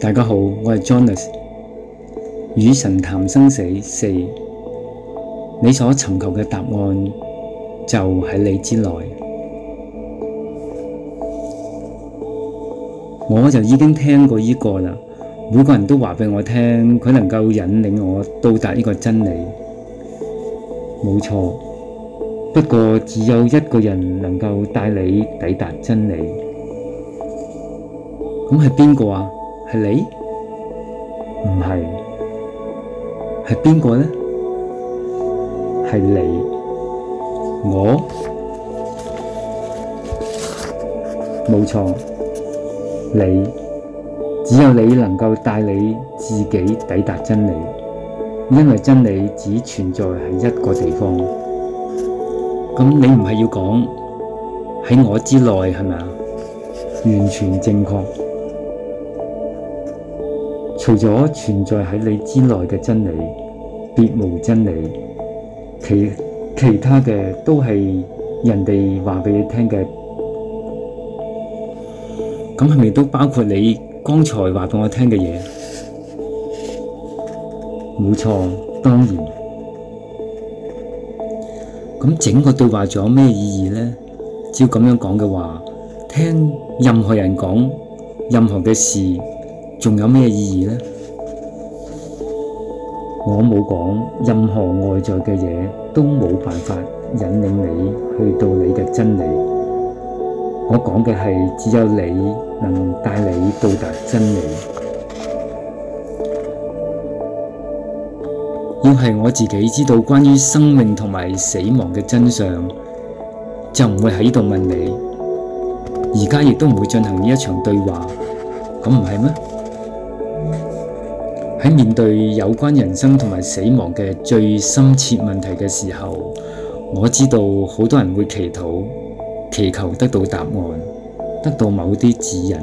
大家好，我係 Jonas，與神談生死四，你所尋求嘅答案就喺你之內。我就已經聽過依個啦，每個人都話俾我聽，佢能夠引領我到達依個真理。冇錯，不過只有一個人能夠帶你抵達真理。咁係邊個啊？係你？唔係，係邊個呢？係你，我，冇錯，你，只有你能夠帶你自己抵達真理，因為真理只存在喺一個地方。咁你唔係要講喺我之內係咪啊？完全正確。除咗存在喺你之內嘅真理，別無真理。其其他嘅都係人哋話俾你聽嘅。咁係咪都包括你剛才話俾我聽嘅嘢？冇錯，當然。咁整個對話仲有咩意義呢？只要咁樣講嘅話，聽任何人講任何嘅事。仲有咩意義呢？我冇講，任何外在嘅嘢都冇辦法引領你去到你嘅真理。我講嘅係只有你能帶你到達真理。要係我自己知道關於生命同埋死亡嘅真相，就唔會喺度問你。而家亦都唔會進行呢一場對話。咁唔係咩？喺面對有關人生同埋死亡嘅最深切問題嘅時候，我知道好多人會祈禱，祈求得到答案，得到某啲指引。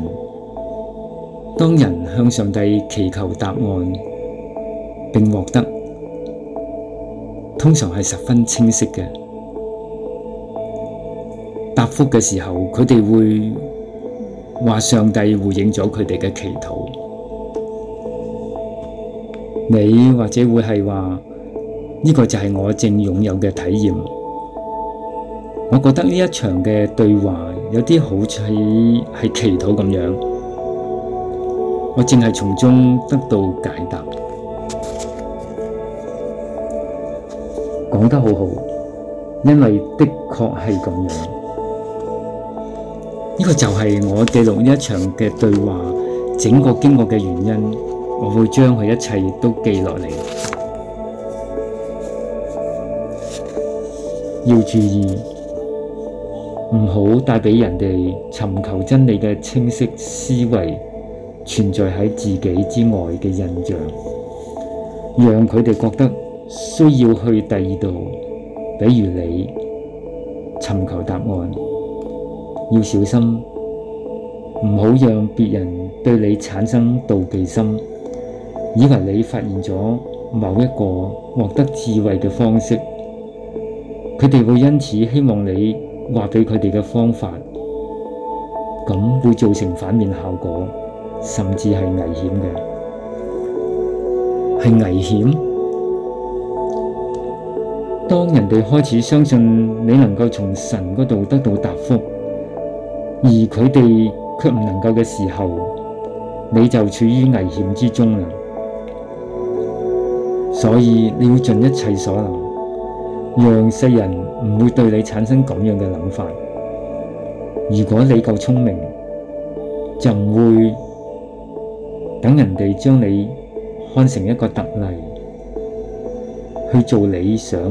當人向上帝祈求答案，並獲得，通常係十分清晰嘅答覆嘅時候，佢哋會話上帝回應咗佢哋嘅祈禱。你或者會係話呢個就係我正擁有嘅體驗，我覺得呢一場嘅對話有啲好似係祈禱咁樣，我淨係從中得到解答，講得好好，因為的確係咁樣，呢個就係我記錄呢一場嘅對話整個經過嘅原因。我會將佢一切都記落嚟，要注意唔好帶畀人哋尋求真理嘅清晰思維存在喺自己之外嘅印象，讓佢哋覺得需要去第二度，比如你尋求答案，要小心，唔好讓別人對你產生妒忌心。以為你發現咗某一個獲得智慧嘅方式，佢哋會因此希望你話俾佢哋嘅方法，咁會造成反面效果，甚至係危險嘅。係危險？當人哋開始相信你能夠從神嗰度得到答覆，而佢哋卻唔能夠嘅時候，你就處於危險之中啦。所以你要盡一切所能，讓世人唔會對你產生咁樣嘅諗法。如果你夠聰明，就不會等人哋將你看成一個特例，去做你想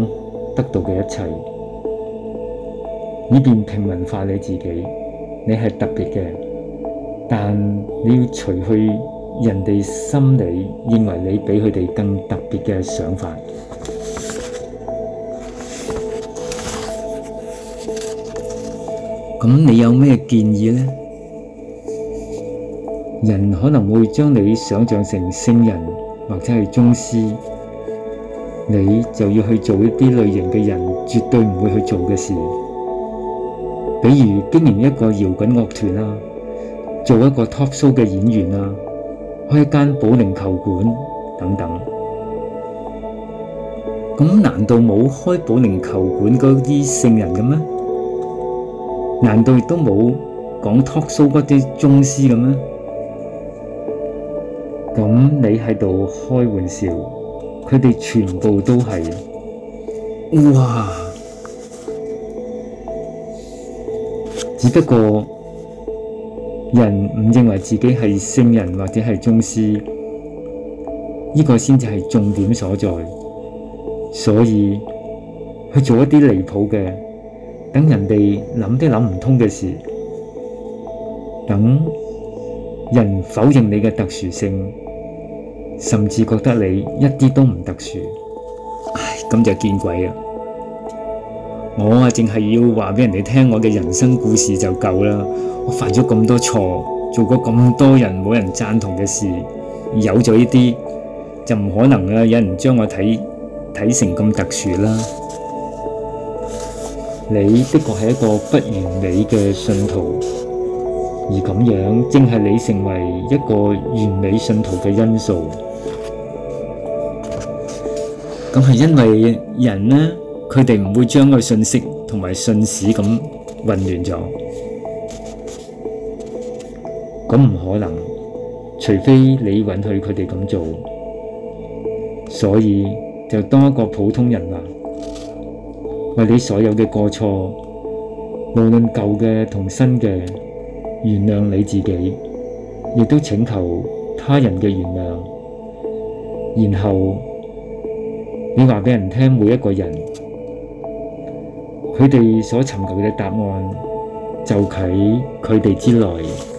得到嘅一切，以便平民化你自己。你係特別嘅，但你要除去，人哋心理認為你比佢哋更特別嘅想法，咁你有咩建議呢？人可能會將你想像成聖人或者係宗師，你就要去做一啲類型嘅人絕對唔會去做嘅事，比如經營一個搖滾樂團啊，做一個 top show 嘅演員啊。開間保齡球館等等，咁難道冇開保齡球館嗰啲聖人嘅咩？難道亦都冇講 talk show 嗰啲宗師嘅咩？咁你喺度開玩笑，佢哋全部都係，哇！只不過。人唔認為自己係聖人或者係宗師，呢個先至係重點所在。所以去做一啲離譜嘅，等人哋諗都諗唔通嘅事，等人否認你嘅特殊性，甚至覺得你一啲都唔特殊，唉，咁就見鬼啦！我啊，淨係要話俾人哋聽我嘅人生故事就夠啦。我犯咗咁多錯，做過咁多人冇人贊同嘅事，有咗呢啲就唔可能啊！有人將我睇睇成咁特殊啦。你的確係一個不完美嘅信徒，而咁樣正係你成為一個完美信徒嘅因素。咁係因為人呢？佢哋唔會將個信息同埋信使咁混亂咗，咁唔可能，除非你允許佢哋咁做。所以就當一個普通人話，為你所有嘅過錯，無論舊嘅同新嘅，原諒你自己，亦都請求他人嘅原諒。然後你話俾人聽，每一個人。佢哋所尋求嘅答案，就喺佢哋之內。